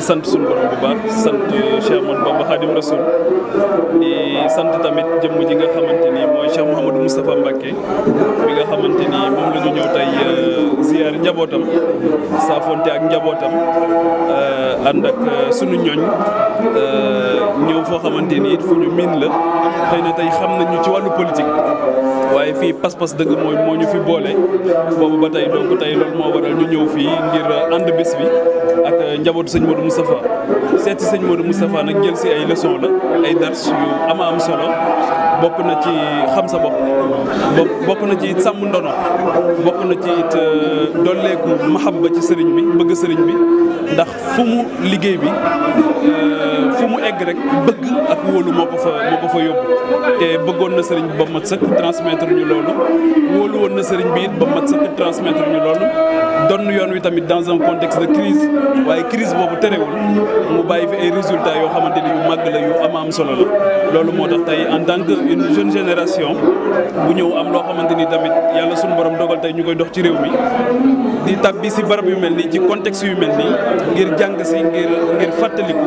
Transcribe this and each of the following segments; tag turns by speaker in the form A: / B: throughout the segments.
A: sant suñu borom bu baax sant Cheikh Ahmadou Bamba Khadim Rasoul di sant tamit jëmm ji nga xamante mooy Cheikh Mouhamadou Moustapha Mbacké bi nga xamante moom la ñu ñëw tey euh, njabootam saafonte ak njabootam euh, ànd ak euh, sunu ñooñ foo xamante ni it fu ñu miin la xëy na tey xam nañu ci wàllu politique waaye fii pas-pas dëgg moo ñu fi boole boobu ba tey donc tey loolu moo waral ñu ñëw fii ngir ànd bés bi ak njabootu sëñ Modou Moustapha seeti sëñ Modou Moustapha nag jël si ay leçon la ay dars yu ama am solo bokk na ci xam sa bopp bokk na ci it sàmm ndono bokk na ci it euh, dolleeku mahabba ci sëriñ bi bëgg sëriñ bi ndax fu mu liggéey bi euh, fu mu egg rek dëgg ak wóolu moo ko fa moo ko fa yóbbu te bëggoon na sëriñ bi ba mat sëkk transmettre ñu loolu wóolu woon na sëriñ ñu loolu donn yoon wi tamit dans un contexte de crise waaye crise boobu terewul mu bàyyi fi ay résultats yoo xamante ni yu màgg la yu ama am solo la loolu moo tax tey en tant que une jeune génération bu ñëw am loo xamante ni tamit yàlla suñu borom dogal tey ñu koy dox ci réew mi di tàbbi si barab yu mel nii ci contexte yu mel nii ngir jàng si ngir ngir fàttaliku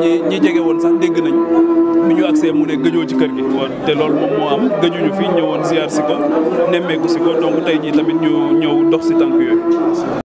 A: ñi ñi jege woon sax dégg nañ bi ñu agsee mu ne gëjoo ci kër gi te lool moom moo am gëjuñu fii ñëwoon ziar si ko nemmeeku si ko donc tey jii tamit ñu ñëw dox si tànk yooyu